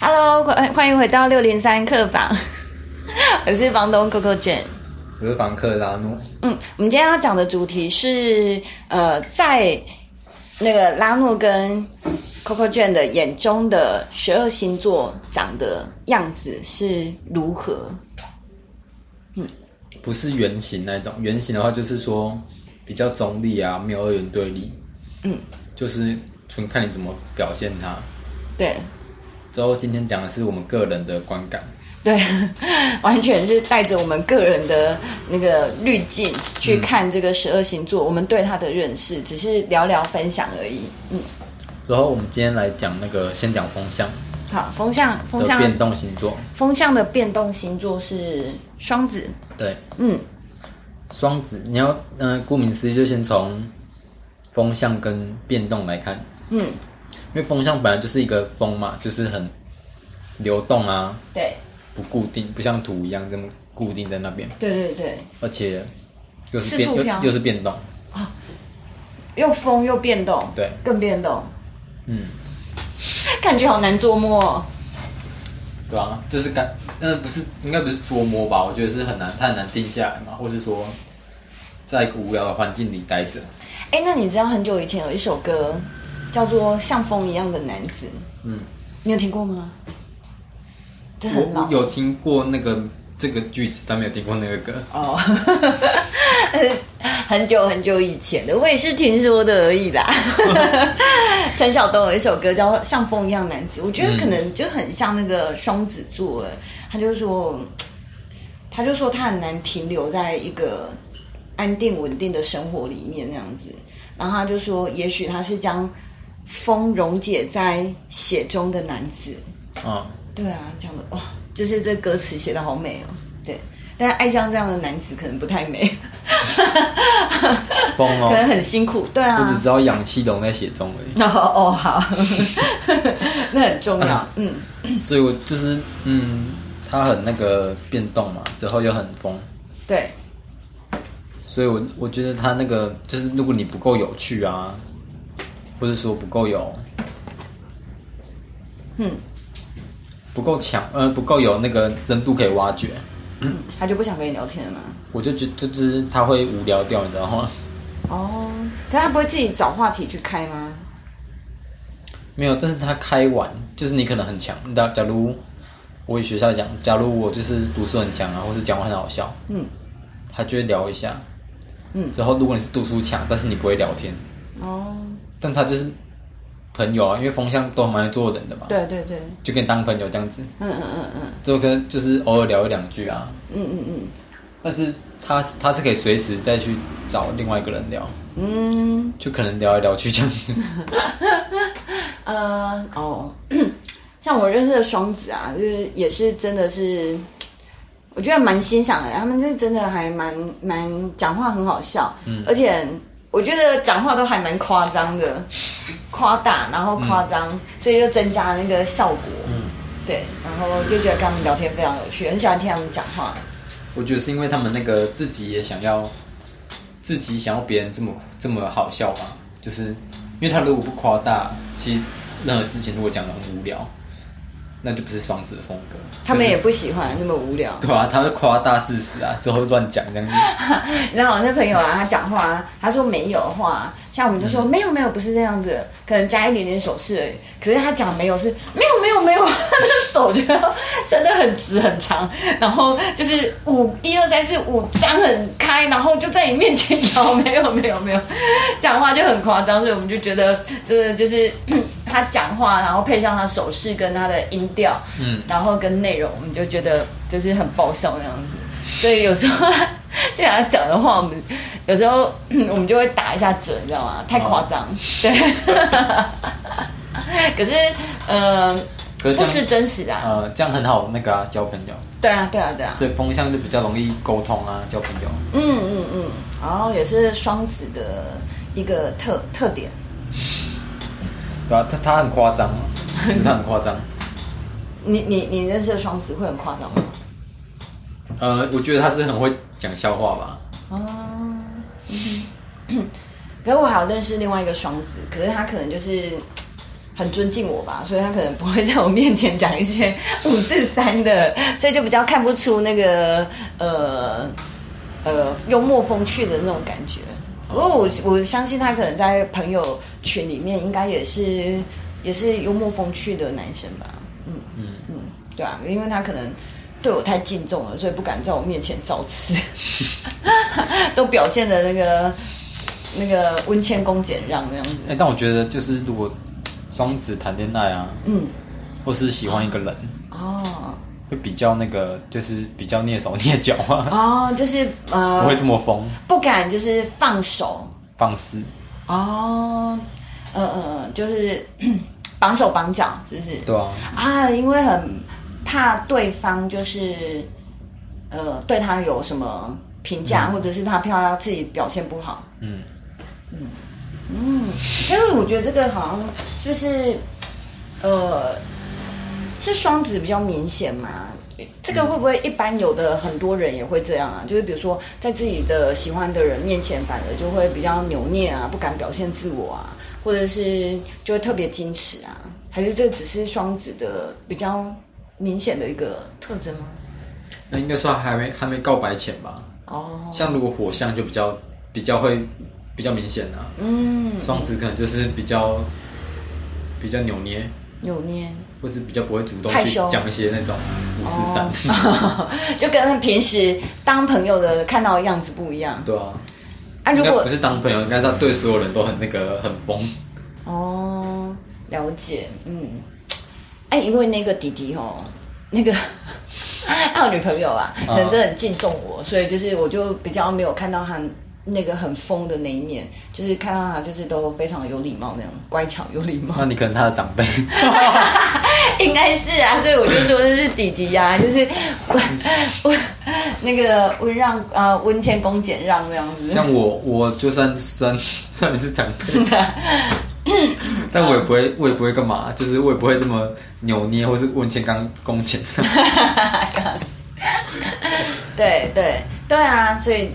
Hello，歡迎回到六零三客房。 我是房東 Coco Jane，我是房客拉諾。嗯，我們今天要講的主題是，呃，在那個拉諾跟 Coco Jane 的眼中的十二星座長的樣子是如何？嗯，不是圓形那種，圓形的話就是說比較中立啊，沒有二元對立。嗯，就是純看你怎麼表現它。對。之後今天講的是我們個人的觀感，對，完全是帶着我們個人的那個濾鏡去看這個十二星座，嗯，我們對它的認識只是聊聊分享而已，嗯。之後我們今天來講那個，先講風象。好，風象，風象變動星座，風象的變動星座是雙子，對，嗯，雙子，你要，嗯，呃，顧名思義就先從風象跟變動來看，嗯。因為風向本來就是一個風嘛，就是很流動啊，對，不固定，不像土一樣這麼固定在那邊。對對對，而且又是變是又，又是變動，啊、又風又變動，對，更變動，嗯， 感覺好難捉摸哦。對啊，就是感，但，不是應該不是捉摸吧？我覺得是很難，太難定下來嘛，或是說在一個無聊的環境裡待着。哎，那你知道很久以前有一首歌？叫做像風一樣的男子。嗯，你有聽過嗎？很我有聽過那個這個句子，但沒有聽過那個歌。哦， 很久很久以前的，我也是聽說的而已啦。陳曉東有一首歌叫《像風一樣男子》，我覺得可能就很像那個雙子座的。他就說，他就說他很難停留在一個安定穩定的生活裡面那樣子。然後他就說，也許他是將。風溶解在血中的男子啊，對啊，講的哇，就是這歌詞寫得好美哦。對，但愛上這樣的男子可能不太美， 風哦， 可能很辛苦。對啊，我只知道氧氣溶在血中而已。哦哦好， 那很重要。 嗯，所以我就是嗯，他很那個變動嘛，之後又很風。對，所以我我覺得他那個就是，如果你不夠有趣啊。或者說不夠有，嗯，不夠強，呃，不夠有那個深度可以挖掘，嗯，他就不想跟你聊天了嗎？我就覺，就是他會無聊掉，你知道嗎？哦，但他不會自己找話題去開嗎？沒有，但是他開完，就是你可能很強，假假如我以學校講，假如我就是讀書很強啊，或是講話很好笑，嗯，他就會聊一下，嗯，之後如果你是讀書強，但是你不會聊天，哦。但他就是朋友啊，因為風象都蠻愛做人的嘛。對對對。就跟你當朋友這樣子。嗯嗯嗯嗯。就跟就是偶爾聊一兩句啊。嗯嗯嗯。但是他是他是可以隨時再去找另外一個人聊。嗯。就可能聊一聊去這樣子。嗯、 呃，哦，像我認識的雙子啊，就是也是真的是，我覺得蠻欣賞的。他們就是真的還蠻蠻講話很好笑。嗯。而且。我覺得講話都還蠻誇張的，誇大然後誇張，嗯，所以就增加了那個效果。嗯，對，然後就覺得跟他們聊天非常有趣，很喜歡聽他們講話。我覺得是因為他們那個自己也想要，自己想要別人這麼這麼好笑吧？就是因為他如果不誇大，其實任何事情都會講的很無聊。那就不是雙子的風格，他們也不喜歡、就是、那麼無聊。對啊，他會誇大事實啊，之後亂講這樣子。 你知道我那朋友啊，他講話，他說沒有的話，像我們就說、嗯、沒有沒有，不是這樣子，可能加一點點手勢而已。可是他講沒有是沒有沒有沒有，他的 手就要伸得很直很長，然後就是五一二三四五張很開，然後就在你面前搖，沒有沒有沒有，講 話就很誇張，所以我們就覺得真的就是。 他講話，然後配上他手勢跟他的音調，嗯，然後跟內容，我們就覺得就是很爆笑那樣子。所以有時候既然 他講的話，我們有時候、嗯、我們就會打一下折，你知道嗎？太誇張。哦、對 可、呃，可是嗯，不是真實的、啊。呃，這樣很好，那個啊，交朋友。對啊，對啊，對啊。對啊，所以風向就比較容易溝通啊，交朋友。嗯嗯嗯，然、嗯、後也是雙子的一個特特點。對啊，他他很誇張，他很誇張 你你你認識的雙子會很誇張嗎？呃，我覺得他是很會講笑話吧。哦、啊。 可是我還有認識另外一個雙子，可是他可能就是很尊敬我吧，所以他可能不會在我面前講一些五四三的，所以就比較看不出那個呃呃幽默風趣的那種感覺。不、哦、過我我相信他可能在朋友群裡面應該也是也是幽默風趣的男生吧，嗯嗯嗯，對啊，因為他可能對我太敬重了，所以不敢在我面前造次 都表現的那個那個溫謙恭儉讓那樣子、欸。但我覺得就是如果雙子談戀愛啊，嗯，或是喜歡一個人，哦。哦會比較那個，就是比較躡手躡腳嘛、啊。哦、oh,，就是呃，uh, 不會這麼瘋，不敢就是放手放肆。哦，嗯嗯，就是綁 手綁腳，是不是？對啊。啊，因為很怕對方就是呃對他有什麼評價、嗯，或者是他怕自己表現不好。嗯嗯嗯，因、嗯、為我覺得這個好像、就是不是呃。是雙子比較明顯嗎？這個會不會一般有的很多人也會這樣啊？就是比如說在自己的喜歡的人面前，反而就會比較扭捏啊，不敢表現自我啊，或者是就會特別矜持啊？還是這只是雙子的比較明顯的一個特徵嗎？那應該說還沒還沒告白前吧？哦，像如果火象就比較比較會比較明顯啊。嗯，雙子可能就是比較比較扭捏，扭捏。或是比較不會主動去講一些那種五四三，哦、 就跟平時當朋友的看到的樣子不一樣。對啊，啊，如果不是當朋友，嗯、應該他對所有人都很那個很瘋。哦，了解，嗯，哎、欸，因為那個弟弟吼，那個他 有、啊、女朋友啦、啊，可能真的很敬重我、哦，所以就是我就比較沒有看到他。那個很瘋的那一面，就是看到他，就是都非常有禮貌，那樣乖巧有禮貌。那你可能他的長輩， 應該是啊，所以我就說，這是弟弟呀、啊，就是那個溫讓啊，溫謙恭儉讓這樣子。像我，我就算算算，算你是長輩， 但我也不會，我也不會幹嘛，就是我也不會這麼扭捏，或是溫謙剛恭儉。對對對啊，所以。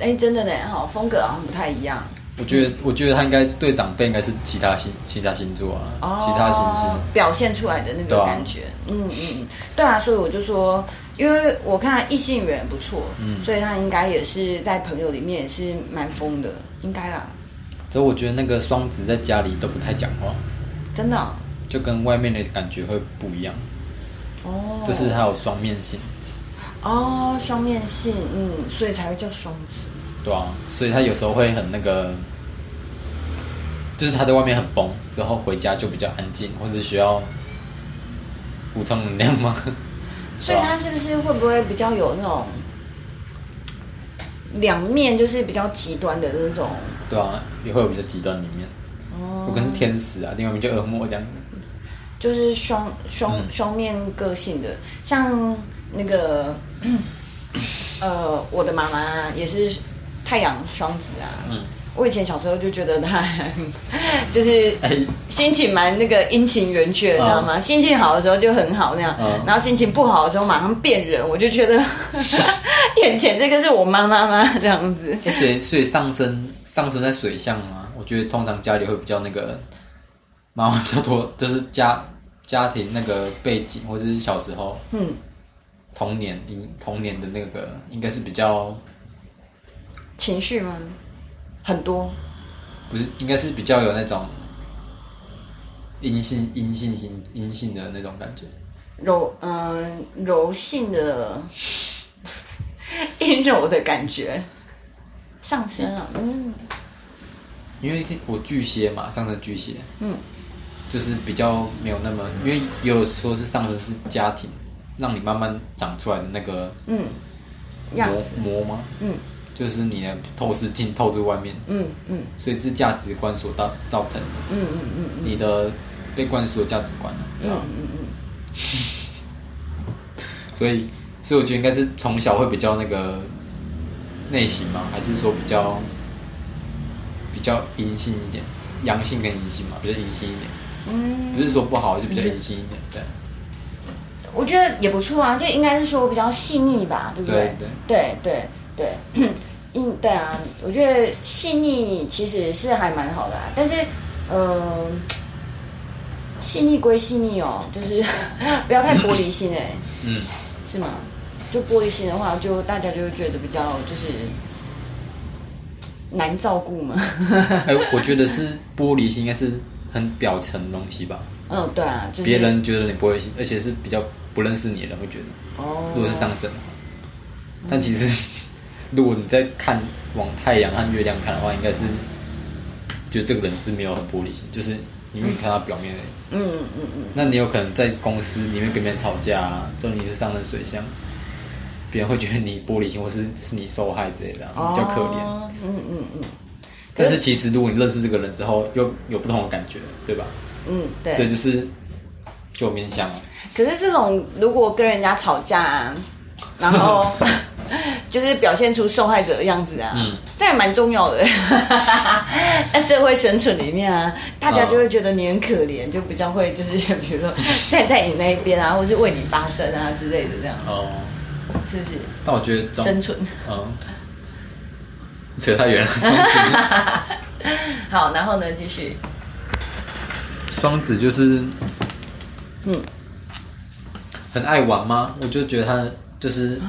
哎，真的嘞，好，風格好像不太一樣。我覺得，嗯、我覺得他應該對長輩應該是其他星，其他星座啊，哦、其他星星表現出來的那種感覺，啊、嗯嗯，對啊，所以我就說，因為我看他異性緣不錯，嗯，所以他應該也是在朋友裡面也是蠻瘋的，應該啦。所以我覺得那個雙子在家裡都不太講話，真的、哦，就跟外面的感覺會不一樣。哦，就是他有雙面性。哦，雙面性，嗯，所以才會叫雙子。對啊，所以他有時候會很那個，就是他在外面很瘋，之後回家就比較安靜，或是需要補充能量嗎？所以他是不是會不會比較有那種兩面，就是比較極端的那種？對啊，也會有比較極端的一面。哦，我跟天使啊，另外一面就惡魔這樣。就是雙雙雙面個性的，嗯、像。那個呃，我的媽媽也是太陽雙子啊。嗯、我以前小時候就覺得她就是心情蠻那個陰晴圓缺，哎，你知道嗎、哦？心情好的時候就很好那樣，嗯，然後心情不好的時候馬上變人。我就覺得、嗯、 眼前這個是我媽媽嗎？這樣子。所以，所以上升上升在水象嘛，我覺得通常家裡會比較那個媽媽比較多，就是家家庭那個背景或者是小時候，嗯。童年，童年的那個應該是比較情緒嗎？很多不是，應該是比較有那種陰性、陰性型、陰性的那種感覺柔，嗯、呃，柔性的陰 柔的感覺上升啊，嗯，因為我巨蟹嘛，上升巨蟹，嗯，就是比較沒有那麼，因為有說是上升是家庭。讓你慢慢長出來的那個磨嗯，膜膜嗎？嗯，就是你的透視鏡透在外面，嗯嗯，所以是價值觀所造造成的，嗯嗯嗯，你的被灌輸的價值觀、啊，嗯嗯、啊、嗯。嗯嗯 所以，所以我覺得應該是從小會比較那個內型嗎？還是說比較、嗯、比較陰性一點，陽性跟陰性嘛，比較陰性一點。嗯，不是說不好，就比較陰性一點，對。我覺得也不錯啊，就應該是說比較細膩吧，對不對？對對對對，因對，對，對， 對啊，我覺得細膩其實是還蠻好的、啊，但是，嗯、呃，細膩歸細膩哦，就是 不要太玻璃心哎、欸。嗯，是嗎？就玻璃心的話，就大家就會覺得比較就是難照顧嘛 、欸。我覺得是玻璃心，應該是很表層的東西吧。嗯、哦，對啊、就是，別人覺得你玻璃心，而且是比較。不認識你的人會覺得，如果是上升的話，但其實如果你在看往太陽和月亮看的話，應該是覺得這個人是沒有很玻璃心，就是因為你看到表面，嗯嗯嗯嗯，那你有可能在公司裡面跟別人吵架、啊，就你是上升水象，別人會覺得你玻璃心，或是是你受害之類的，比較可憐，嗯嗯嗯。但是其實如果你認識這個人之後，又有不同的感覺，對吧？嗯，對。所以就是就面向。可是這種如果跟人家吵架，啊，然後就是表現出受害者的樣子啊，嗯，這也蠻重要的，在 社會生存裡面啊，大家就會覺得你很可憐，oh. 就比較會就是比如說站在，在你那邊啊，或是為你發聲啊之類的這樣，哦、oh.，是不是？但我覺得生存，嗯，扯太遠了。 好，然後呢，繼續。雙子就是，嗯。很愛玩嗎？我就覺得他就是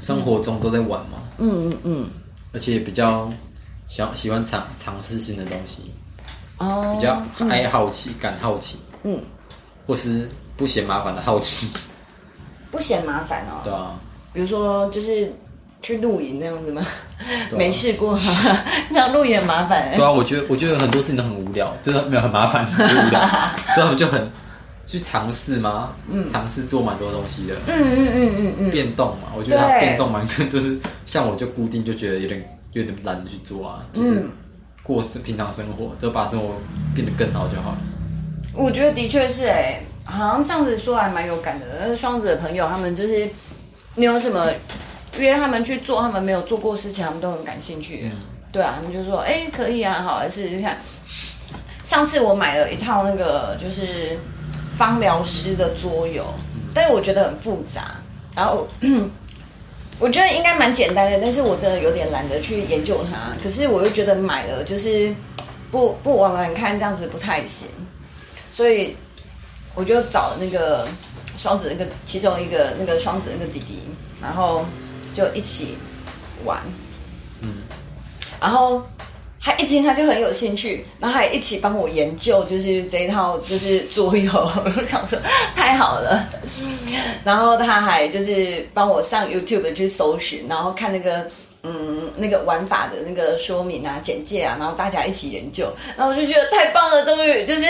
生活中都在玩嘛，啊。嗯嗯嗯，而且比較想喜歡嘗嘗試新的東西，哦，比較愛好奇，嗯、感好奇，嗯，或是不嫌麻煩的好奇，不嫌麻煩哦。對啊，比如說就是去露營那樣子嗎？啊、 沒試過，你想露營麻煩，欸。對啊，我覺得我覺得很多事情都很無聊，就是沒有很麻煩，很無聊， 所以就很。去嘗試嗎？嗯，嘗試做蠻多東西的。嗯嗯嗯嗯嗯，變動嘛，我覺得變動蠻，就是像我就固定就覺得有點有點懶得去做啊。就是過、嗯、平常生活，就把生活變得更好就好了。我覺得的確是哎，好像這樣子說還蠻有感的。但是雙子的朋友他們就是沒有什麼約他們去做他們沒有做過事情，他們都很感興趣、嗯。對啊，他們就說哎、欸、可以啊，好來試試看。上次我買了一套那個就是。方苗師的桌遊，但是我覺得很複雜。然後我覺得應該蠻簡單的，但是我真的有點懶得去研究它。可是我又覺得買了就是不不玩玩看這樣子不太行，所以我就找了那個雙子的那個其中一個那個雙子的那個弟弟，然後就一起玩。嗯，然後。他一聽他就很有興趣，然後他還一起幫我研究，就是這一套就是桌遊，我 就想說太好了。 然後他還就是幫我上 YouTube 去搜尋，然後看那個嗯那個玩法的那個說明啊、簡介啊，然後大家一起研究，然後我就覺得太棒了，終於就是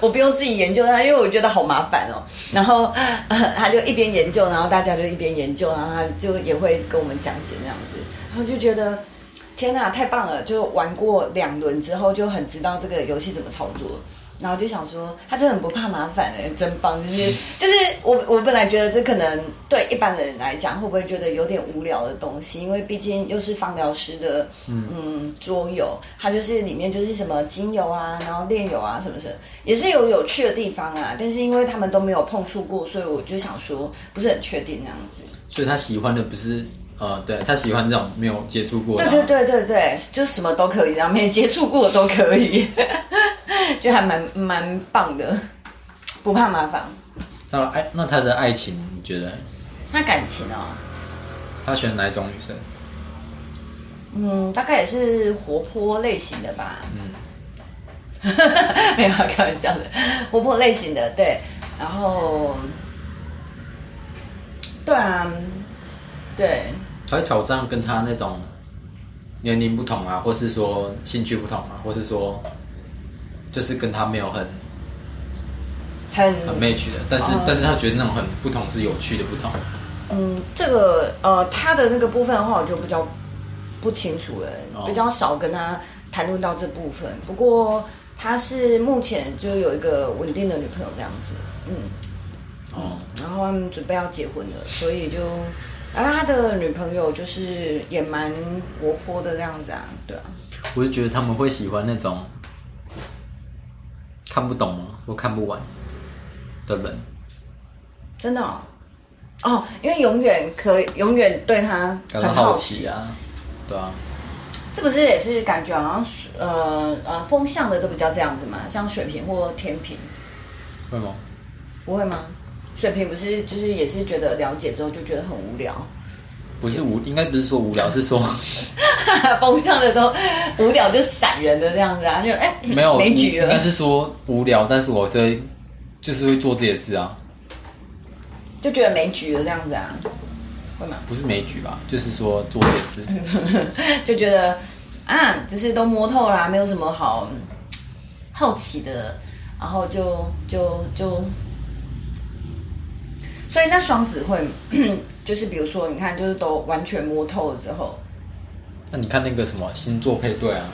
我不用自己研究它，因為我覺得好麻煩哦、喔。然後，呃，他就一邊研究，然後大家就一邊研究，然後他就也會跟我們講解那樣子，然後就覺得。天吶、啊，太棒了！就玩過兩輪之後，就很知道這個遊戲怎麼操作。然後就想說，他真的很不怕麻煩的、欸，真棒！就是就是我，我我本來覺得這可能對一般的人來講，會不會覺得有點無聊的東西？因為畢竟又是芳療師的，嗯桌遊，他就是裡面就是什麼精油啊，然後煉油啊什麼的，也是有有趣的地方啊。但是因為他們都沒有碰觸過，所以我就想說，不是很確定那樣子。所以他喜歡的不是，呃，對他喜歡這種沒有接觸過的。對，對對對對對，就什麼都可以，然後沒接觸過都可以， 就還蠻蠻棒的，不怕麻煩。到了、哎，那他的愛情你覺得？嗯、他感情哦。他選哪一種女生？嗯，大概也是活潑類型的吧。嗯。 沒有開玩笑的，活潑類型的對，然後，對啊，對。他挑，挑戰跟他那種年齡不同啊，或是說興趣不同啊，或是說就是跟他沒有很很很 match 的，但是、呃、但是他覺得那種很不同是有趣的不同。嗯，這個呃他的那個部分的話，我就比較不清楚了、欸嗯，比較少跟他談論到這部分。不過他是目前就有一個穩定的女朋友這樣子，嗯，哦、嗯嗯，然後他們準備要結婚了，所以就。而他的女朋友就是也蠻活潑的這樣子啊，對啊。我就覺得他們會喜歡那種看不懂或看不完的人。真的哦？哦，因為永遠可以永遠對他很好奇，感到好奇啊，對啊。這不是也是感覺好像呃呃、啊、風向的都比較這樣子嘛，像水瓶或天秤。會嗎？不會嗎？水平不是，就是也是覺得了解之後，就覺得很無聊。不是無，應該不是說無聊，是說 風向的都無聊，就閃人的這樣子啊，就哎、欸、沒有沒局了。應該是說無聊，但是我會就是會做這些事啊，就覺得沒局了這樣子啊，會嗎？不是沒局吧，就是說做這些事 就覺得啊，只是都摸透啦、啊，沒有什麼好好奇的，然後就就就。就所以那雙子會，就是比如說，你看，就是都完全摸透了之後，那你看那個什麼星座配對啊，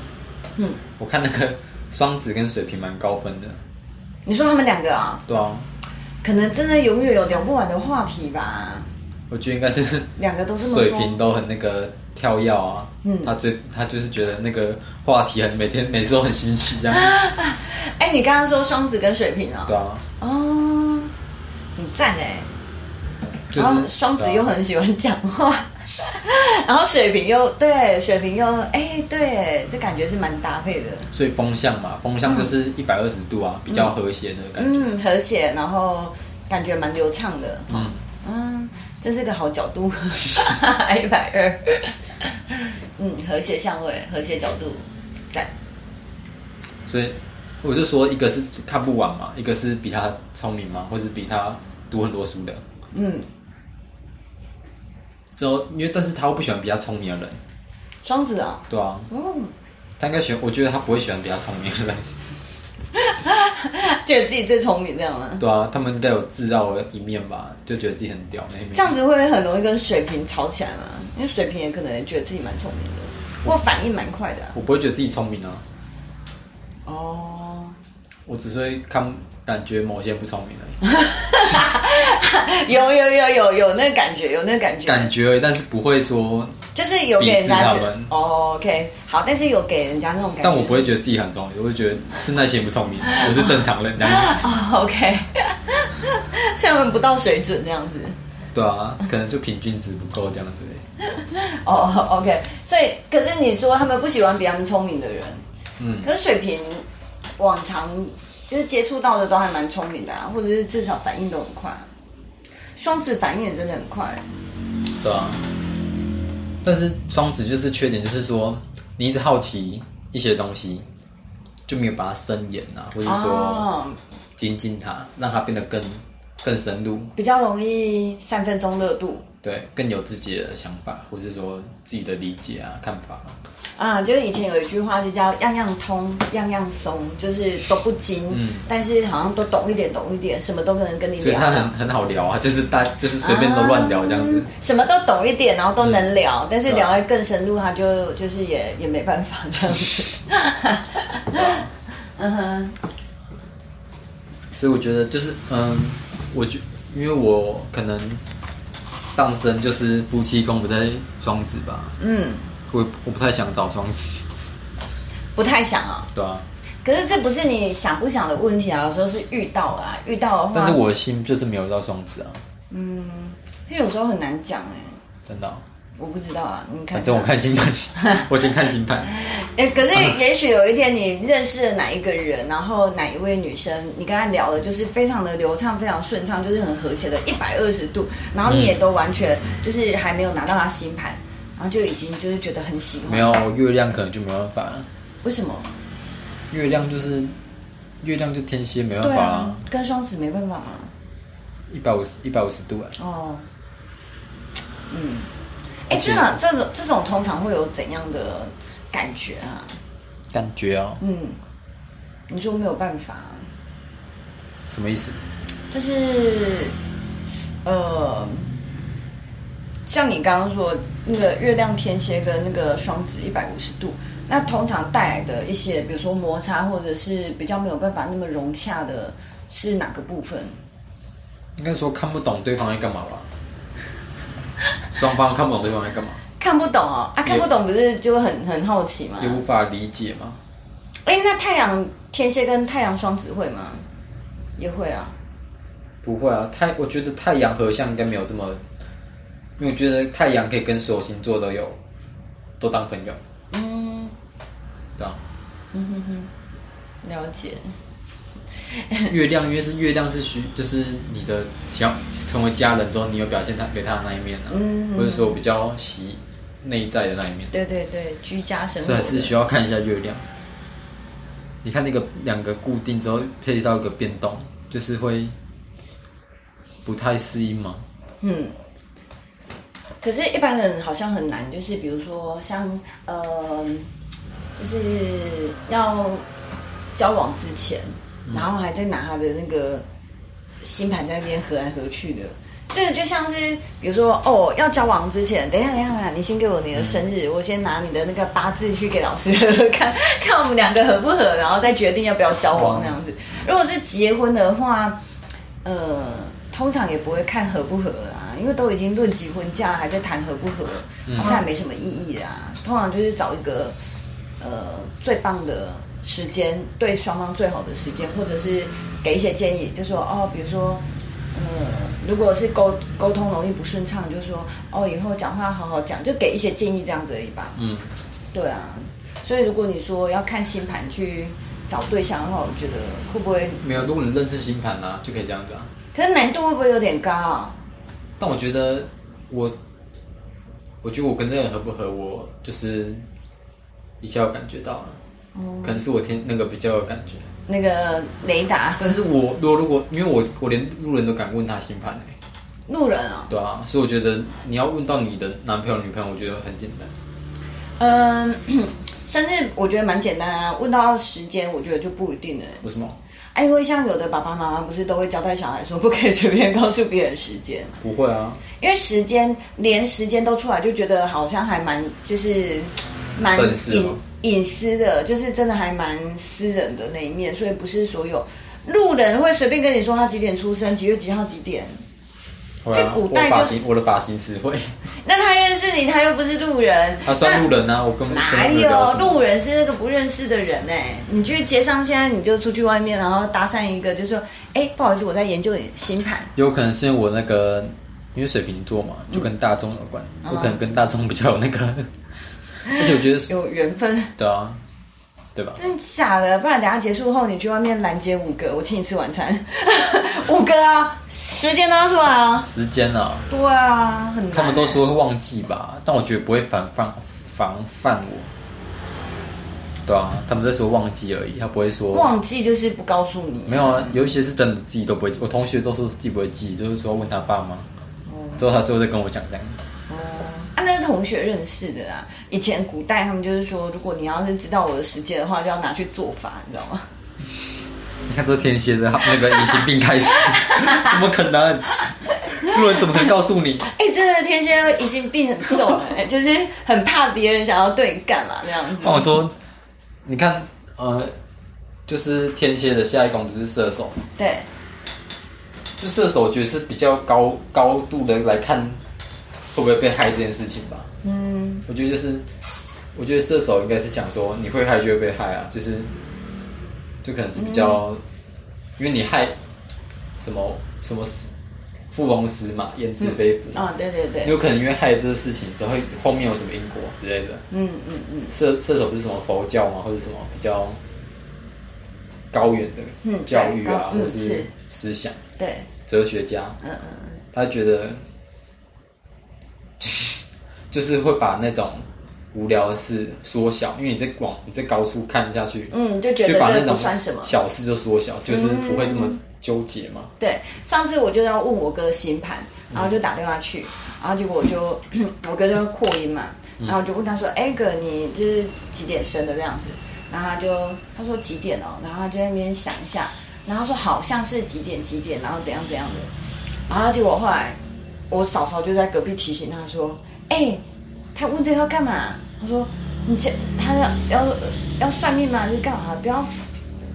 嗯，我看那個雙子跟水瓶蠻高分的。你說他們兩個啊？對啊。可能真的永遠有，有聊不完的話題吧。我覺得應該是兩個都是水瓶都很那個跳躍啊，嗯，他最他就是覺得那個話題很每天、嗯、每次都很新奇這樣。哎、 欸，你剛剛說雙子跟水瓶啊、哦？對啊。哦、oh，你贊呢？就是然後雙子又很喜歡講話，啊、然後水瓶又對，水瓶又哎，對、對，這感覺是蠻搭配的。所以風向嘛，風向就是一百二十度啊、嗯，比較和諧的感覺。嗯，和諧，然後感覺蠻流暢的。嗯嗯，這是個好角度，一百二。嗯，和諧相位，和諧角度在。所以，我就說，一個是看不完嘛，一個是比他聰明嘛、啊，或者是比他讀很多書的。嗯。就因為，但是他會不喜歡比較聰明的人。雙子啊？對啊。嗯。他應該喜歡，我覺得他不會喜歡比較聰明的人。 覺得自己最聰明這樣啊。對啊，他們應該有自傲的一面吧，就覺得自己很屌那一面。這樣子會不會很容易跟水瓶吵起來嘛、嗯？因為水瓶也可能覺得自己蠻聰明的，不過反應蠻快的、啊。我不會覺得自己聰明啊。哦、oh.。我只是會看感覺某些不聰明而已 有，有有有有有那個感覺，有那個感覺，感覺，但是不會說就是有給人家，人家覺得、哦、OK，好，但是有給人家那種感覺。但我不會覺得自己很聰明，我會覺得是那些不聰明，我是正常人家的 哦。哦，OK，像我們不到水準那樣子。 對啊，可能就平均值不夠這樣子 哦。哦，OK，所以可是你說他們不喜歡比他們聰明的人，嗯，可是水平。往常就是接觸到的都還蠻聰明的啊，或者是至少反應都很快。雙子反應也真的很快，欸。對啊，但是雙子就是缺點，就是說你一直好奇一些東西，就沒有把它深研啊，或者說精進，oh. 它，讓它變得更更深入，比較容易三分鐘熱度。對，更有自己的想法，或是說自己的理解啊，看法啊。啊，就是以前有一句話，就叫“樣樣通，樣樣鬆”，就是都不精，嗯、但是好像都懂一點，懂一點，什麼都可能跟你聊、啊。所以他很很好聊啊，就是大，就是隨便都亂聊這樣子。嗯、什麼都懂一點，然後都能聊，嗯、但是聊得更深入，他就就是也也沒辦法這樣子。嗯 哼、 uh -huh。所以我覺得就是，嗯，我覺，因為我可能。上升就是夫妻宮不在雙子吧？嗯，我我不太想找雙子，不太想啊、哦。 對啊，可是這不是你想不想的問題啊，有時候是遇到了啊，遇到的話。但是我的心就是沒有遇到雙子啊。嗯，因為有時候很難講哎。真的、哦。我不知道啊，你反正、啊、我看星盤， 我先看星盤。哎、 欸，可是也許有一天你認識了哪一個人，啊、然後哪一位女生，你跟她聊的就是非常的流暢，非常順暢，就是很和諧的一百二十度，然後你也都完全就是還沒有拿到她星盤，然後就已經就是覺得很喜歡。沒有月亮，可能就沒辦法了。為什麼？月亮就是月亮，就天蠍沒辦法、啊，跟雙子沒辦法、啊。一百五十一百五十度啊。哦。嗯。哎，真的，這種這種這種通常會有怎樣的感覺啊？感覺哦，嗯，你說沒有辦法，什麼意思？就是呃，像你剛剛說那個月亮天蠍跟那個雙子一百五十度，那通常帶來的一些，比如說摩擦，或者是比較沒有辦法那麼融洽的，是哪個部分？應該說看不懂對方在幹嘛吧。雙方看不懂對方在幹嘛？看不懂哦，啊，看不懂不是就很很好奇嗎？也無法理解嗎？哎、欸，那太陽天蠍跟太陽雙子會嗎？也會啊？不會啊？太，我覺得太陽合相應該沒有這麼，因為我覺得太陽可以跟所有星座都有都當朋友。嗯，對啊？嗯哼哼，了解。 月亮，因為是月亮是，是需就是你的想成為家人之後，你有表現他給他的那一面、啊嗯，嗯，或者說我比較喜內在的那一面，對對對，居家生活的，所以還是需要看一下月亮。你看那個兩個固定之後配到一個變動，就是會不太適應嗎？嗯，可是，一般人好像很難，就是比如說像呃，就是要交往之前。嗯然後還在拿他的那個星盤在那邊合來合去的，這個就像是，比如說哦，要交往之前，等一下等一下，等一下你先給我你的生日、嗯，我先拿你的那個八字去給老師呵呵看看我們兩個合不合，然後再決定要不要交往那樣子、嗯。如果是結婚的話，呃，通常也不會看合不合啦、啊，因為都已經論及婚嫁，還在談合不合，嗯、好像還沒什麼意義啦、啊。通常就是找一個呃最棒的。時間對雙方最好的時間，或者是給一些建議，就說哦，比如說，嗯，如果是溝溝通容易不順暢，就說哦，以後講話好好講，就給一些建議這樣子而已吧。嗯，對啊，所以如果你說要看星盤去找對象的話，我覺得會不會？沒有，如果你認識星盤呢，啊，就可以這樣子啊。可是難度會不會有點高啊？但我覺得我，我覺得我跟這個人合不合我，我就是一下感覺到了。可能是我聽那個比較有感覺，那個雷達。但是我我如果因為我我連路人都敢問他星盤路人啊。哦，對啊，所以我覺得你要問到你的男朋友、女朋友，我覺得很簡單。嗯、呃，生日我覺得蠻簡單啊，問到時間我覺得就不一定了。為什麼？哎，因為像有的爸爸媽媽不是都會交代小孩說不可以隨便告訴別人時間？不會啊，因為時間連時間都出來，就覺得好像還蠻就是。蠻隱隱私的，就是真的還蠻私人的那一面，所以不是所有路人會隨便跟你說他幾點出生，幾月幾號幾點。啊、因為古代就我，我的髮型師會那他認識你，他又不是路人。他算路人啊，我根本。根本有哪有路人是那個不認識的人呢？你去街上現在你就出去外面，然後搭訕一個，就是、說：“哎，不好意思，我在研究星盤。”有可能是因為我那個，因為水瓶座嘛，就跟大眾有關，我、嗯、可能跟大眾比較有那個。嗯 而且我覺得有緣分，對啊，對吧？真假的？不然等一下結束後，你去外面攔截五哥，我請你吃晚餐。 五哥個啊， 時間拿出來啊！時間啊，對啊，很多。他們都說會忘記吧，但我覺得不會防防防範我。對啊，他們在說忘記而已，他不會說忘記就是不告訴你。沒有啊，有一些是真的自己都不會記，我同學都說自己不會記，就是說問他爸媽、嗯，之後他最後再跟我講這樣。同學認識的啦。以前古代他們就是說，如果你要是知道我的時間的話，就要拿去做法，你知道嗎？你看，這天蠍的，那個疑心病開始， 怎麼可能？路 人怎麼可能告訴你？哎、欸，真、這個、的天蠍疑心病很重、欸，哎，就是很怕別人想要對你幹嘛那樣子。那我說，你看，呃，就是天蠍的下一宮不是射手？對，就射手，我覺得是比較高高度的來看。會不會被害這件事情吧？嗯，我覺得就是，我覺得射手應該是想說，你會害就會被害啊，就是，就可能是比較，嗯、因為你害什麼什麼死，塞翁失馬嘛，焉知非福啊，對對對，有可能因為害這個事情，只會後面有什麼因果之類的。嗯嗯嗯。射射手不是什麼佛教嘛，或者什麼比較高遠的教育啊、嗯嗯，或是思想？對，哲學家。嗯嗯嗯，他覺得。 就是會把那種無聊的事縮小，因為你在廣，你在高處看下去，嗯，就覺得不算什麼，就把那種小事就縮小，嗯，就是不會這麼糾結嘛。對，上次我就要問我哥的星盤，然後就打電話去，嗯、然後結果我就、嗯、 我哥就擴音嘛，然後我就問他說：“哎、嗯、哥、欸，你就是幾點生的這樣子？”然後他就他說幾點哦，然後就在那邊想一下，然後他說好像是幾點幾點，然後怎樣怎樣的，然後結果後來。我嫂嫂就在隔壁提醒他說：“哎、欸，他問這個要幹嘛？”他說：“你這他要要要算命嗎？還是幹嘛？不要，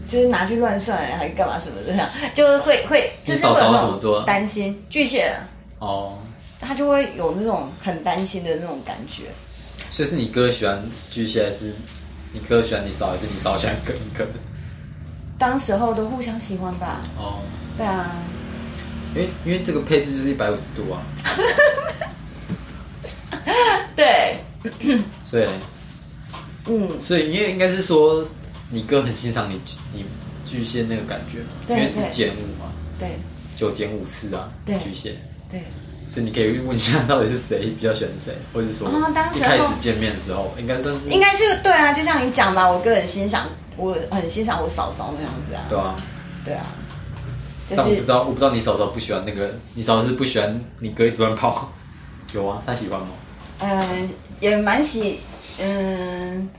就是拿去亂算、欸、還是幹嘛什麼的？就是會會就是會擔心巨蟹哦，他就會有那種很擔心的那種感覺。所以是你哥喜歡巨蟹，還是你哥喜歡你嫂，還是你嫂喜歡你哥？當時候都互相喜歡吧。哦、oh.，對啊。”因為因這個配置就是一百五十度啊 ，對，所以，嗯，所以因為應該是說你哥很欣賞你你巨蟹那個感覺嘛，因為是減五嘛，對，九減五四啊，對，巨蟹，對，所以你可以問一下到底是誰比較喜歡誰，或者說一開始見面的時候，嗯，應該算是，應該是對啊，就像你講吧，我哥很欣賞，我很欣賞我嫂嫂那樣子啊，對啊，對啊。但我不知道，就是、我不知道你嫂子不喜歡那個，你嫂子是不喜歡你哥一直亂跑，有啊，他喜歡嗎？嗯，也蠻喜，嗯，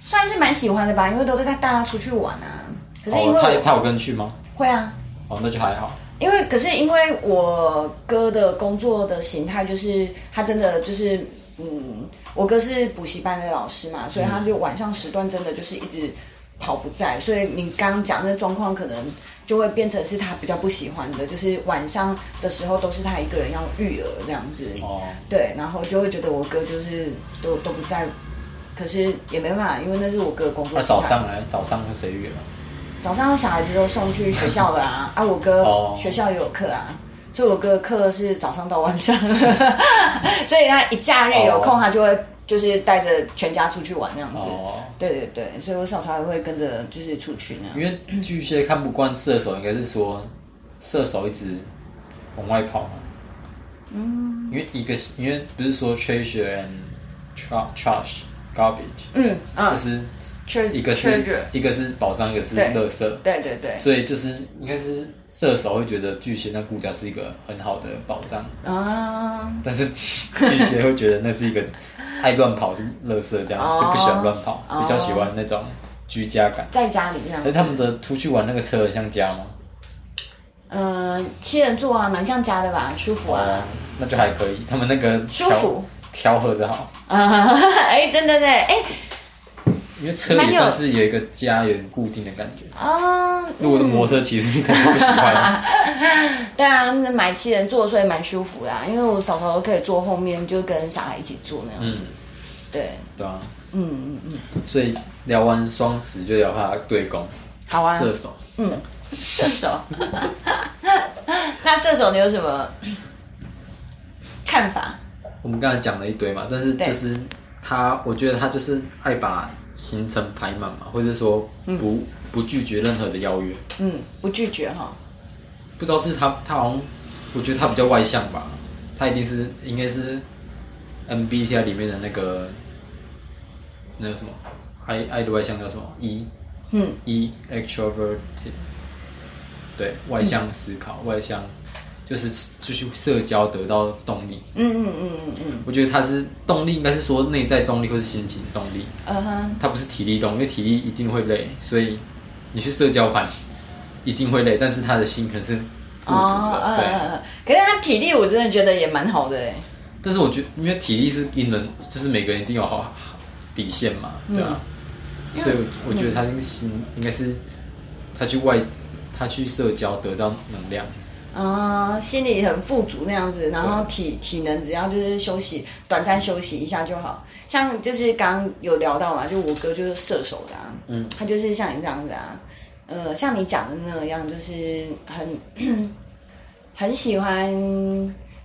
算是蠻喜歡的吧，因為都在帶大家出去玩啊。可是因為、哦、他他有跟去嗎？會啊。哦，那就還好。因為可是因為我哥的工作的形態就是他真的就是嗯，我哥是補習班的老師嘛，所以他就晚上時段真的就是一直。嗯跑、不在，所以你剛剛講那狀況，可能就會變成是他比較不喜歡的，就是晚上的時候都是他一個人要育兒這樣子。哦、oh.，對，然後就會覺得我哥就是都都不在，可是也沒辦法，因為那是我哥的工作、啊。早上來，早上跟誰育兒？早上小孩子都送去學校的啊，oh. 啊，我哥學校也有課啊，oh. 所以我哥的課是早上到晚上， 所以他一假日有空他就會。就是帶着全家出去玩那樣子、哦，對對對，所以我小時候還會跟着就是出去那樣。因為巨蟹看不慣射手，應該是說射手一直往外跑嘛。嗯，因為一個是因為不是說 treasure and trash, trash garbage，嗯，嗯就是一個是、trash. 一個是寶藏，一個是樂色，對對對，所以就是應該是射手會覺得巨蟹那顧家是一個很好的保障啊，但是巨蟹會覺得那是一個。 愛亂跑是樂色，這樣、oh, 就不喜歡亂跑，oh. 比較喜歡那種居家感，在家裡面。所以他們的出去玩那個車很像家嗎？嗯、uh,，七人座啊，蠻像家的吧，舒服啊，oh, 那就還可以。他們那個挑舒服，調和的好。啊，哎，真的，真、欸、的，哎。因為車裡算是有一個家園固定的感覺。啊、嗯，我、哦、的摩托其實你可能不喜歡。嗯、 對啊，買七人座，所以蠻舒服的，啊，因為我嫂嫂都可以坐後面，就跟小孩一起坐那樣子。嗯，對。對啊。嗯嗯嗯。所以聊完雙子就聊他對宮。好啊。射手。嗯， 射手。 那射手你有什麼看法？我們剛才講了一堆嘛，但是就是他，我覺得他就是愛把。行程排滿嘛，或者說不、嗯、不拒絕任何的邀約，嗯，不拒絕哈、哦，不知道是他，他好像，我覺得他比較外向吧，他一定是應該是，MBTI 裡面的那個，那個什麼，愛愛的外向叫什麼 E，嗯，E Extroverted，對，外向思考，嗯、外向。就是就去社交得到動力嗯，嗯嗯嗯嗯嗯，我覺得他是動力，應該是說內在動力或是心情動力。嗯哼，他不是體力動力，因為體力一定會累，所以你去社交玩一定會累，但是他的心可能是富足的。對、oh, 可是他體力我真的覺得也蠻好的欸。但是我覺得因為體力是因人，就是每個人一定有好，好底線嘛，對啊、嗯、所以我覺得他那個心應該是他去外、嗯，他去社交得到能量。啊，心裡很富足那樣子，然後體體能只要就是休息，短暫休息一下就好。像就是剛剛有聊到嘛，就我哥就是射手的、啊，嗯，他就是像你這樣子啊，呃，像你講的那樣，就是很很喜歡，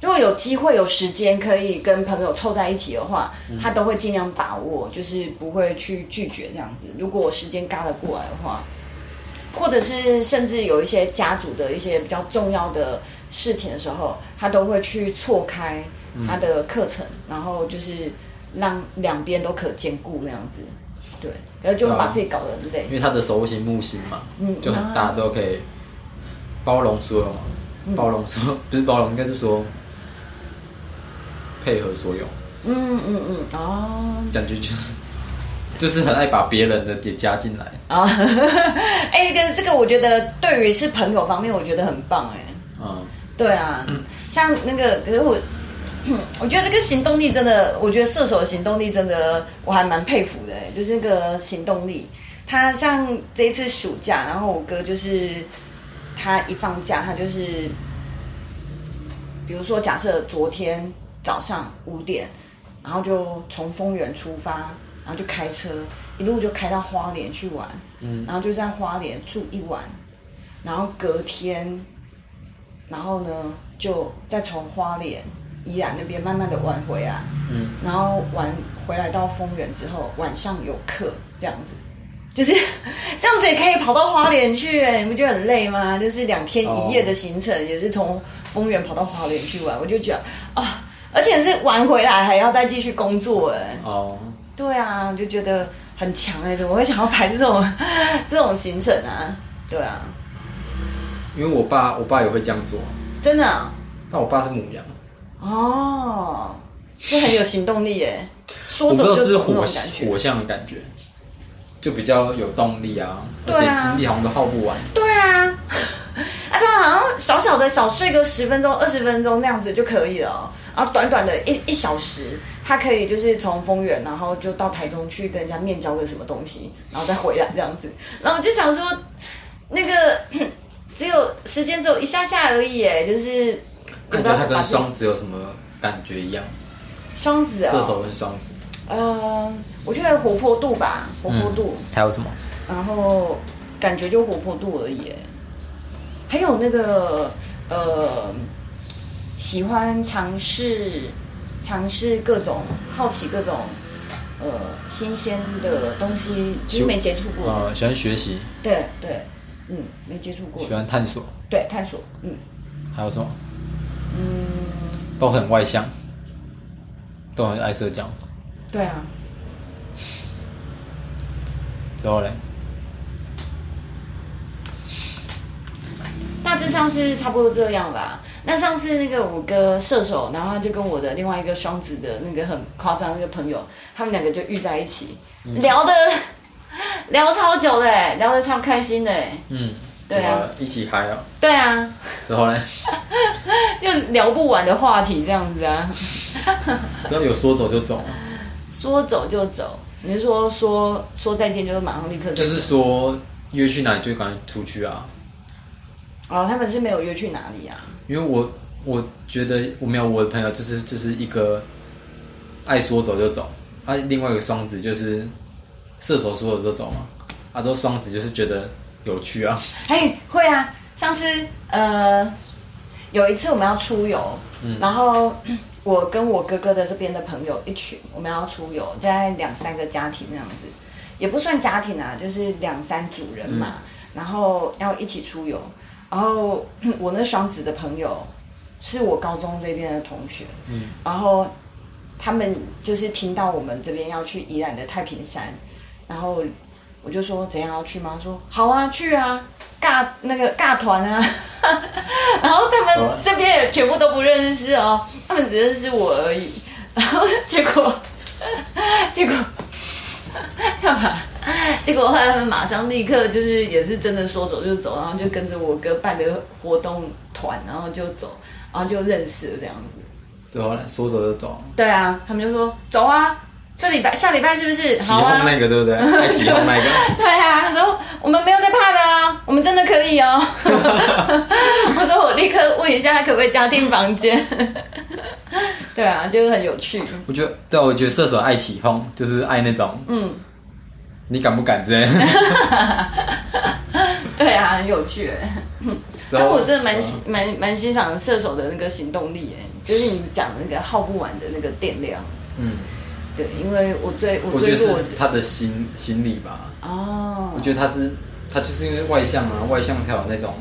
如果有機會有時間可以跟朋友湊在一起的話，嗯、他都會盡量把握，就是不會去拒絕這樣子。如果我時間尬得過來的話。或者是甚至有一些家族的一些比較重要的事情的時候，他都會去錯開他的課程，嗯，然後就是讓兩邊都可兼顧那樣子。對，然後就會把自己搞得很累，呃。因為他的守護星木星嘛，嗯，就很大家、啊，都可以包容所有，嗯，包容所有，嗯、不是包容，應該是說配合所有。嗯嗯嗯，哦，感覺就，就是。就是很愛把別人的也加進來啊！哎、嗯，哥、uh, 欸，跟這個我覺得對於是朋友方面，我覺得很棒哎。嗯、uh.，對啊，嗯，像那個，可是我， 我覺得這個行動力真的，我覺得射手行動力真的，我還蠻佩服的。就是那個行動力，他像這一次暑假，然後我哥就是他一放假，他就是，比如說假設昨天早上五點，然後就從豐原出發。然後就開車一路就開到花蓮去玩，嗯，然後就在花蓮住一晚，然後隔天，然後呢就再從花蓮宜蘭那邊慢慢的玩回來，嗯，然後玩回來到豐原之後，晚上有課，這樣子，就是這樣子也可以跑到花蓮去耶，你不覺得很累嗎？就是兩天一夜的行程，也是從豐原跑到花蓮去玩，哦、我就覺得啊、哦，而且是玩回來還要再繼續工作，哎，哦。對啊，我就覺得很強哎，怎麼會想要排這種這種行程啊？對啊，因為我爸，我爸也會這樣做，真的、哦。但我爸是牡羊哦，就很有行動力哎， 說走就走這種感覺，我是是火，火象的感覺，就比較有動力啊，啊，而且精力好像都耗不完。對啊，而 且、啊、好像小小的小睡個十分鐘、二 十分鐘那樣子就可以了，然後短短的一一小時。他可以就是從豐原，然後就到台中去跟人家面交個什麼東西，然後再回來這樣子。然後我就想說，那個只有時間只有一下下而已，哎，就是。感覺他跟雙子有什麼感覺一樣？雙子啊、哦，射手跟雙子，嗯、呃，我覺得活潑度吧，活潑度、嗯。還有什麼？然後感覺就活潑度而已。還有那個呃，喜歡嘗試。嘗試各種，好奇各種，呃，新鮮的東西，其實沒接觸過。呃，喜歡學習。對對，嗯，沒接觸過。喜歡探索。對探索，嗯。還有什麼？嗯，都很外向，都很愛社交。對啊。之後嘞？大致上是差不多這樣吧。那上次那個我哥射手，然後他就跟我的另外一個雙子的那個很誇張那個朋友，他們兩個就遇在一起，嗯、聊的聊超久的，聊得超開心的。嗯，對啊，一起嗨啊。對啊。之後呢？ 就聊不完的話題這樣子啊。 只要有，有說走就走，啊。說走就走，你就是說說說再見就是馬上立刻？就是說約去哪裡就趕緊出去啊。哦，他們是沒有約去哪裡啊？因為我我覺得我沒有我的朋友，就是就是一個愛說走就走。啊，另外一個雙子就是射手說走就走嘛。啊，說雙子就是覺得有趣啊。哎，會啊，上次呃有一次我們要出遊，嗯、然後我跟我哥哥的這邊的朋友一群，我們要出遊，現在兩三個家庭這樣子，也不算家庭啊，就是兩三組人嘛，嗯，然後要一起出遊。然後我那雙子的朋友是我高中這邊的同學，嗯，然後他們就是聽到我們這邊要去宜蘭的太平山，然後我就說：“怎樣要去嗎？”說：“好啊，去啊，尬那個尬團啊。 ”然後他們這邊也全部都不認識哦，他們只認識我而已。然後結果，結果，哈哈，結果後來他們馬上立刻就是也是真的說走就走，然後就跟着我哥辦的活動團，然後就走，然後就認識了這樣子。對啊，說走就走。對啊，他們就說走啊，這禮拜下禮拜是不是好啊，起哄那個對不對？愛起哄那個。 對啊，他說我們沒有在怕的啊、哦，我們真的可以哦。 我說我立刻問一下他可不可以加訂房間。 對啊，就是很有趣。我覺得對、啊，我覺得射手愛起哄就是愛那種嗯。你敢不敢這樣？ 對啊，很有趣哎。So, 但我真的蠻蠻蠻欣賞射手的那個行動力哎，就是你講的那個耗不完的那個電量。嗯、um,，對，因為我最我最弱我覺得是他的心心理吧。哦、oh.，我覺得他是他就是因為外向啊，外向才有那種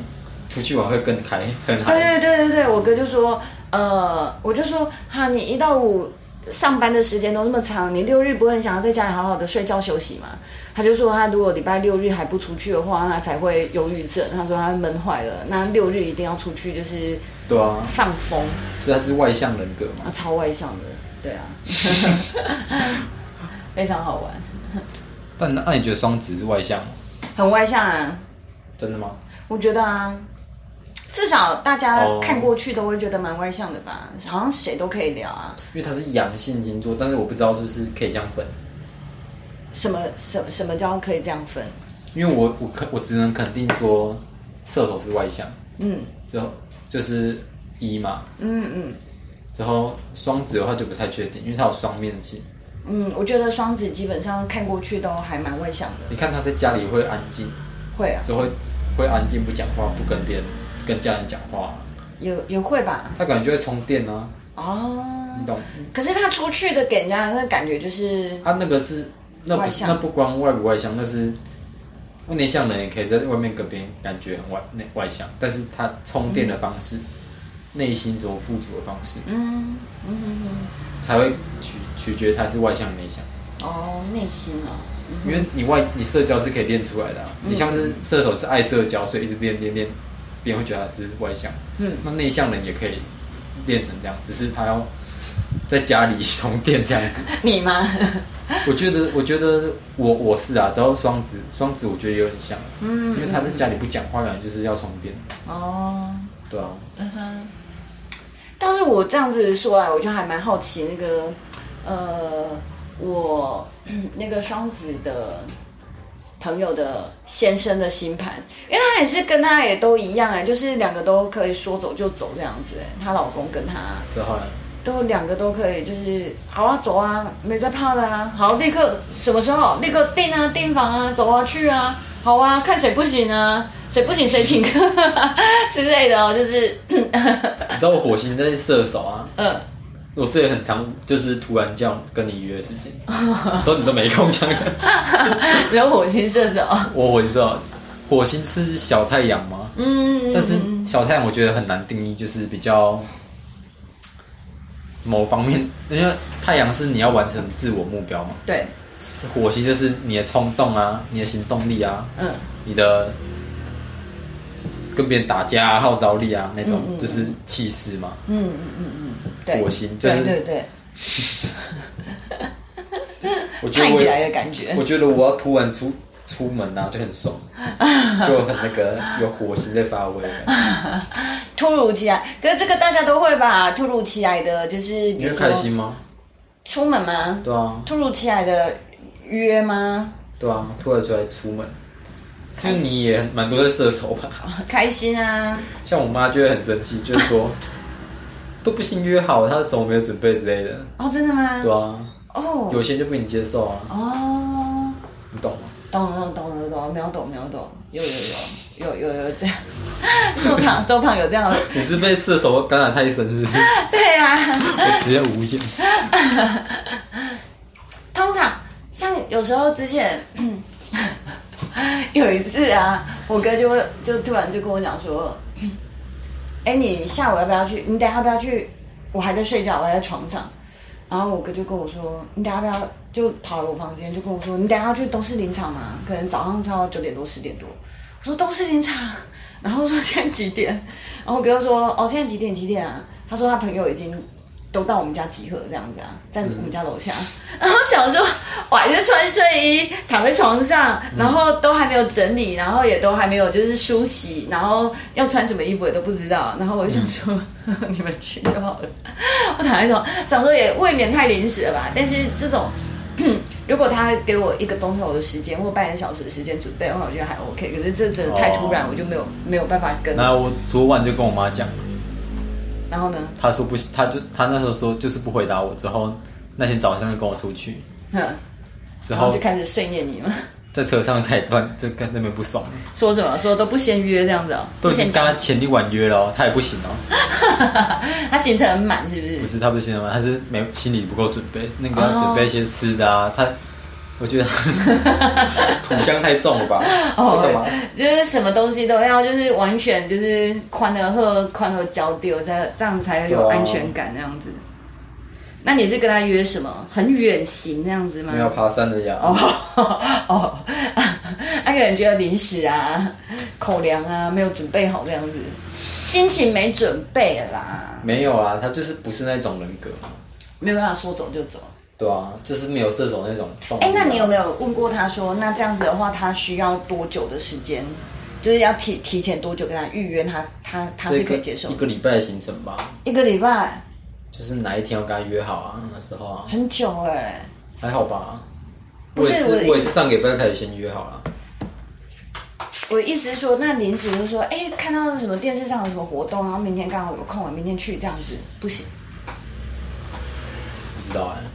出去玩會更開，很好，對對對對對，我哥就說，呃，我就說，哈，你一到五。上班的時間都那麼長，你六日不是很想要在家裡好好的睡覺休息嗎？他就說他如果禮拜六日還不出去的話，他才會憂鬱症。他說他悶壞了，那六日一定要出去，就是對啊，放風。是他是外向人格嘛？啊，超外向的，對啊， 非常好玩。 但那你覺得雙子是外向嗎？很外向啊！真的嗎？我覺得啊。至少大家看過去都會覺得蠻外向的吧？哦，好像誰都可以聊啊。因為他是陽性星座，但是我不知道是不是可以這樣分。什麼什麼什麼叫可以這樣分？因為我我可我只能肯定說射手是外向，嗯，之後就是一嘛，嗯嗯，之後雙子的話就不太確定，因為它有雙面性。嗯，我覺得雙子基本上看過去都還蠻外向的。你看他在家裡會安靜，會啊，只會會安靜不講話，不跟別人。跟家人講話、啊，有也會吧？他感覺會充電呢、啊。哦，你懂。可是他出去的給人家的那個感覺就是他，啊、那個是，那不那不光外不外向，那是內向人也可以在外面跟別人感覺很外內外向，但是他充電的方式，嗯、內心這種富足的方式，嗯嗯哼哼才會取取決他是外向內向。哦，內心啊、哦嗯，因為你外你社交是可以練出來的，啊嗯，你像是射手是愛社交，所以一直練練練。練練別人會覺得他是外向，嗯，那內向人也可以變成這樣，只是他要在家裡充電這樣。你嗎？我覺得，我覺得我我是啊，只要雙子，雙子我覺得也很像，嗯，因為他在家裡不講話，感覺就是要充電。哦、嗯，對啊。嗯哼。但是我這樣子說啊，我就還蠻好奇那個，呃，我那個雙子的。朋友的先生的星盤，因為他也是跟他也都一樣哎，就是兩個都可以說走就走這樣子，他老公跟她都兩個都可以，就是好啊，走啊，沒在怕的啊，好，立刻什麼時候立刻訂啊，訂房啊，走啊，去啊，好啊，看誰不行啊，誰不行誰請客之 類的哦，就是你知道我火星在射手啊，嗯。我是很常就是突然這樣跟你約的時間，所以 你都沒空這樣。只 有 火星射手，我我知道，火星是小太陽嘛，嗯嗯。但是小太陽我覺得很難定義，就是比較某方面，因為太陽是你要完成自我目標嘛。對，火星就是你的衝動啊，你的行動力啊，嗯，你的。跟別人打架啊，號召力啊，那種就是氣勢嘛。嗯嗯嗯嗯對，火星，就、是、對、對、對。對對 我覺得起來的感覺。我覺得我要突然出出門啊，就很爽， 就很那個有火星在發威。 突如其來，可是這個大家都會吧？突如其來的，就是比如，你會開心嗎？出門嗎？對啊。突如其來的約嗎？對啊，突然出來出門。所以你也蠻多的射手吧，開心啊！像我媽就會很生氣，就是說 都不先約好，她什麼沒有準備之類的。哦，真的嗎？對啊。哦，有些就不能接受啊。哦，你懂嗎？懂了懂了懂懂懂，沒有懂沒有懂，有有有有有有這樣。周 胖周胖有這樣。 你是被射手感染太深，是不是？對啊 我直接無言。 通常像有時候之前。 有一次啊，我哥就就突然就跟我講說：“哎、欸，你下午要不要去？你等下要不要去？我還在睡覺，我還在床上。”然後我哥就跟我說：“你等下不要就跑來我房間，就跟我說：‘你等下要去都市林場嘛？’可能早上差不多九點多十點多。10點多”我說：“都市林場。”然後說：“現在幾點？”然後我哥就說：“哦，現在幾點？幾點啊？”他說：“他朋友已經。”都到我們家集合這樣子啊，在我們家樓下。嗯、然後小時候，我還是穿睡衣躺在床上，然後都還沒有整理、嗯，然後也都還沒有就是梳洗，然後要穿什麼衣服也都不知道。然後我就想說、嗯呵呵，你們去就好了。我躺在床上想說也未免太臨時了吧？但是這種，如果他給我一個鐘頭的時間或半個小時的時間準備的話，我覺得還 OK。可是這真的太突然，哦、我就沒有沒有辦法跟。那我昨晚就跟我媽講。然後呢，他說不行，他就他那時候說就是不回答我。之後那天早上就跟我出去，嗯，之後就開始訓練你了。在車上開始就跟那邊不爽，說什麼？說都不先約這樣子。哦，都先剛他前一晚約了。哦，他也不行哦。 他行程很滿，是不是？不是，他不行了嗎，他是沒心裡不夠準備，那個準備一些吃的啊，oh. 他。我覺得土象太重了吧？ 幹、oh, 嘛？就是什麼東西都要，就是完全就是寬和寬和交疊，這樣這樣才有安全感。那樣子、啊。那你是跟他約什麼？很遠行那樣子嗎？沒有爬山的呀？哦、oh, 哦、oh, oh, oh，他可能覺得零食啊、口糧啊沒有準備好，這樣子，心情沒準備啦。沒有啊，他就是不是那種人格，沒有辦法說走就走。對啊，就是沒有射手那種動。哎、欸，那你有沒有問過他說，說那這樣子的話，他需要多久的時間？就是要提提前多久跟他預約他？他他他是可以接受一個禮拜的行程吧？一個禮拜。就是哪一天我跟他約好啊？那時候啊。很久哎、欸。還好吧。不是我是，我也是上個禮拜開始先約好了、啊。我的意思是說，那臨時就是說，哎、欸，看到了什麼電視上有什麼活動，然後明天剛好有空，明天去這樣子，不行。不知道哎、欸。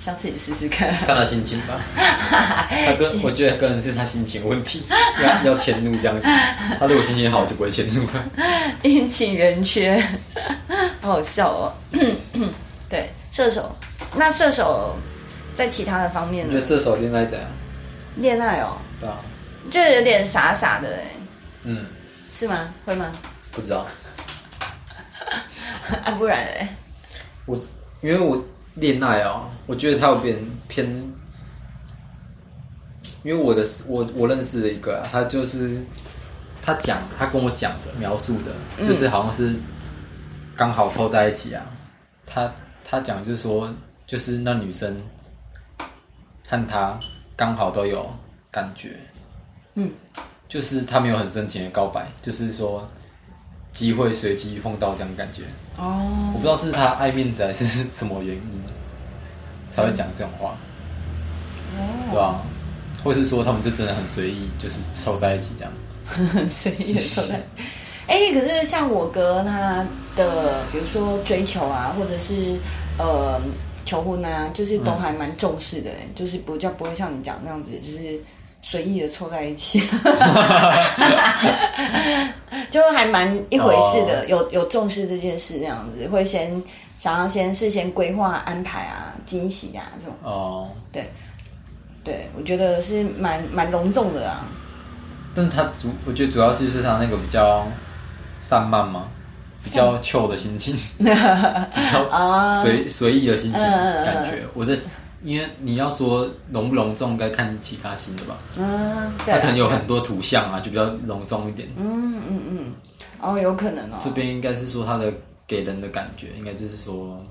想自己試試看、啊，看他心情吧。 他跟我覺得，可能是他心情問題 要，要要遷怒這樣，他如果心情好，就不會遷怒了 陰晴圓缺，好，好笑哦。 對，射手，那射手在其他的方面呢？覺得射手戀愛怎樣？戀愛哦。對啊。就有點傻傻的、欸、嗯。是嗎？會嗎？不知道。啊， 不然咧，我因為我。戀愛哦，我覺得他有點偏，因為我的我我認識了一個、啊，他就是他講他跟我講的描述的，就是好像是剛好湊在一起啊。嗯、他他講就是說，就是那女生和他剛好都有感覺，嗯，就是他沒有很深情的告白，就是說。機會隨機碰到這樣的感覺哦，oh. 我不知道是他愛面子還是什麼原因，才會講這種話，oh. 對啊，或是說他們就真的很隨意，就是湊在一起這樣，隨 意湊的來。哎、 欸，可是像我哥他的，比如說追求啊，或者是呃求婚啊，就是都還蠻重視的、嗯，就是不叫不會像你講那樣子，就是。隨意的湊在一起 就還蠻一回事的。Oh. 有有重視這件事，那樣子會先想要先事先規劃安排啊，驚喜啊。這種哦，oh. 對對，我覺得是蠻蠻隆重的啊。但是他主，我覺得主要是是他那個比較散漫嘛，比較 chill 的心情， 比較啊隨隨意的心情感覺，uh. 我在。因為你要說隆不隆重，應該看其他星的吧。嗯、啊啊，他可能有很多圖像啊，嗯、就比較隆重一點。嗯嗯嗯，哦，有可能哦。這邊應該是說他的給人的感覺，應該就是說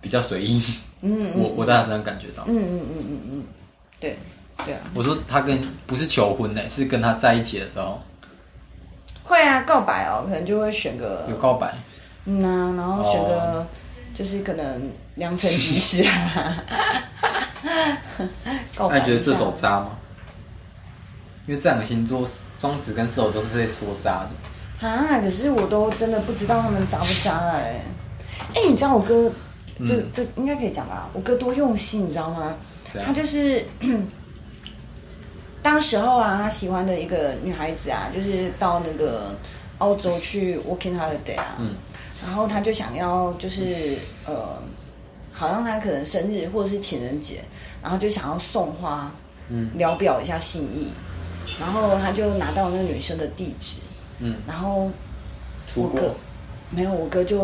比較隨意。嗯，嗯 我我在他身上感覺到。嗯嗯嗯嗯嗯，嗯，對對啊。我說他跟不是求婚呢，是跟他在一起的時候。會啊，告白哦，可能就會選個有告白。嗯吶、啊，然後選個就是可能。哦良辰吉時啊！ 那你覺得射手渣嗎？因為這兩個星座，雙子跟射手都是被說渣的。啊！可是我都真的不知道他們渣不渣哎、欸。哎，你知道我哥，嗯、這這應該可以講吧？我哥多用心，你知道嗎？他就是 當時候啊，他喜歡的一個女孩子啊，就是到那個澳洲去 working holiday 啊，嗯，然後他就想要就是、嗯、呃。好像他可能生日或者是情人節，然後就想要送花，嗯，聊表一下心意，然後他就拿到那個女生的地址，嗯，然後我哥出國沒有，我哥就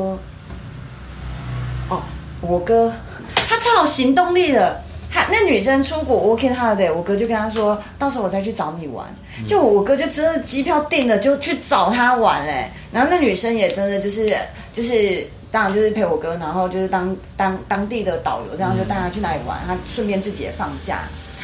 哦，我哥他超有行動力的，他那女生出國，working holiday，我哥就跟他說，到時候我再去找你玩，嗯、就我哥就真的機票訂了就去找他玩嘞，然後那女生也真的就是就是。當然就是陪我哥，然後就是當當當地的導遊，這樣、嗯、就帶他去哪裡玩，他順便自己也放假，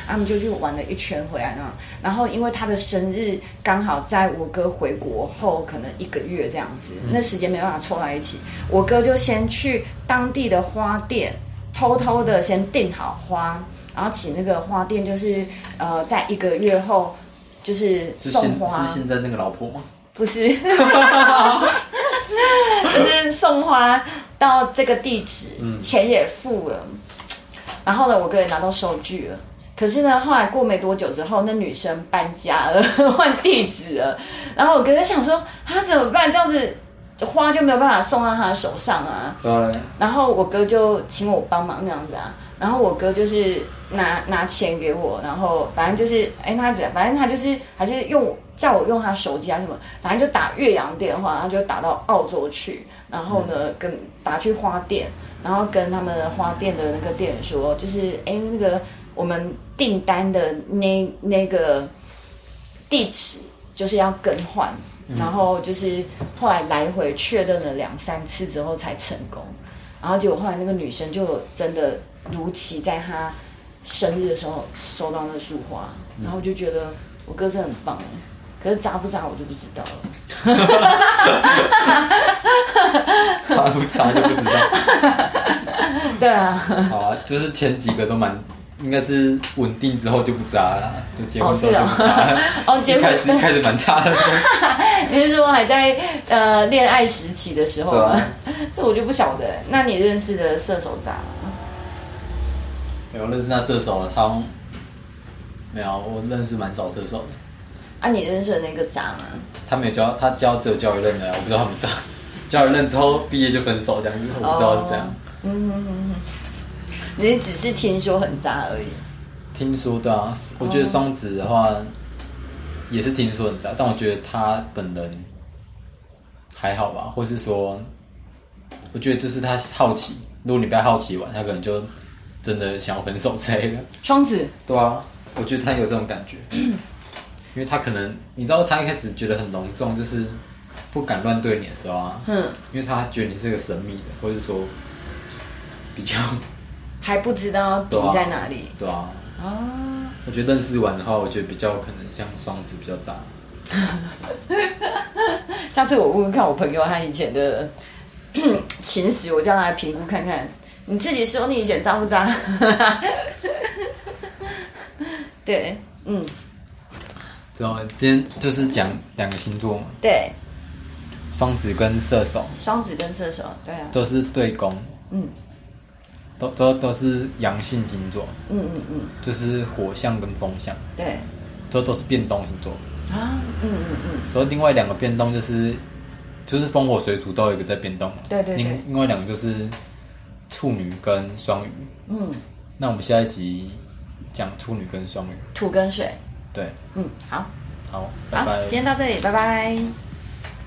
他們就去玩了一圈回來呢。然後因為他的生日剛好在我哥回國後可能一個月這樣子，那時間沒辦法湊在一起、嗯，我哥就先去當地的花店偷偷的先訂好花，然後請那個花店就是呃在一個月後就是送花。是現在那個老婆嗎？不是，就是送花到這個地址，嗯，錢也付了，然後呢，我哥也拿到收據了。可是呢，後來過沒多久之後，那女生搬家了，換 地址了。然後我哥就想說，他怎麼辦？這樣子花就沒有辦法送到他的手上啊。對。然後我哥就請我幫忙那樣子啊。然後我哥就是拿拿錢給我，然後反正就是哎，那、欸、怎，反正他就是還是用。叫我用他手機啊，什麼反正就打越洋電話，然後就打到澳洲去，然後呢跟打去花店，然後跟他們花店的那個店員說，就是哎那個我們訂單的那那個地址就是要更換，嗯、然後就是後來來回確認了兩三次之後才成功，然後結果後來那個女生就真的如期在她生日的時候收到那束花，嗯，然後我就覺得我哥真的很棒。可是渣不渣我就不知道了， 渣不渣就不知道。 對啊，好啊，就是前幾個都蠻，應該是穩定之後就不渣了啦，就結婚都不渣。哦、oh,，oh, 結婚開始 開始蠻渣的 你就是說還在呃戀愛時期的時候？啊、 這我就不曉得。那你認識的射手渣嗎？沒有認識他射手，他沒有，我認識蠻少射手的。啊，你認識的那個渣嗎？他沒有交，他交，只有交一任的，我不知道他們渣。交一任之後畢業就分手，這樣因為我不知道是這樣，哦嗯嗯嗯。嗯，你只是聽說很渣而已。聽說，對啊，我覺得雙子的話，哦、也是聽說很渣，但我覺得他本人還好吧，或是說，我覺得就是他好奇。如果你不要好奇玩，他可能就真的想要分手之類的。雙子，對啊，我覺得他有這種感覺。嗯因為他可能，你知道，他一開始覺得很隆重，就是不敢亂對你的時候啊。嗯，因為他覺得你是個神秘的，或者說比較還不知道底在哪裡。對，啊，對啊，啊。我覺得認識完的話，我覺得比較可能像雙子比較渣。 下次我問問看我朋友他以前的 情史，我叫他來評估看看，你自己說你以前渣不渣？ 對，嗯。怎麼，今天就是講兩個星座嘛，對，雙子跟射手，雙子跟射手，對啊，都是對宮，嗯，都都都是陽性星座，嗯嗯嗯，就是火象跟風象，對，這都，都是變動星座啊，嗯嗯嗯，所以另外兩個變動就是，就是風火水土都有一個在變動嘛，對對對，另另外兩個就是處女跟雙魚，嗯，那我們下一集講處女跟雙魚，土跟水。對，嗯，好，好，拜拜，好，今天到這裡，拜拜。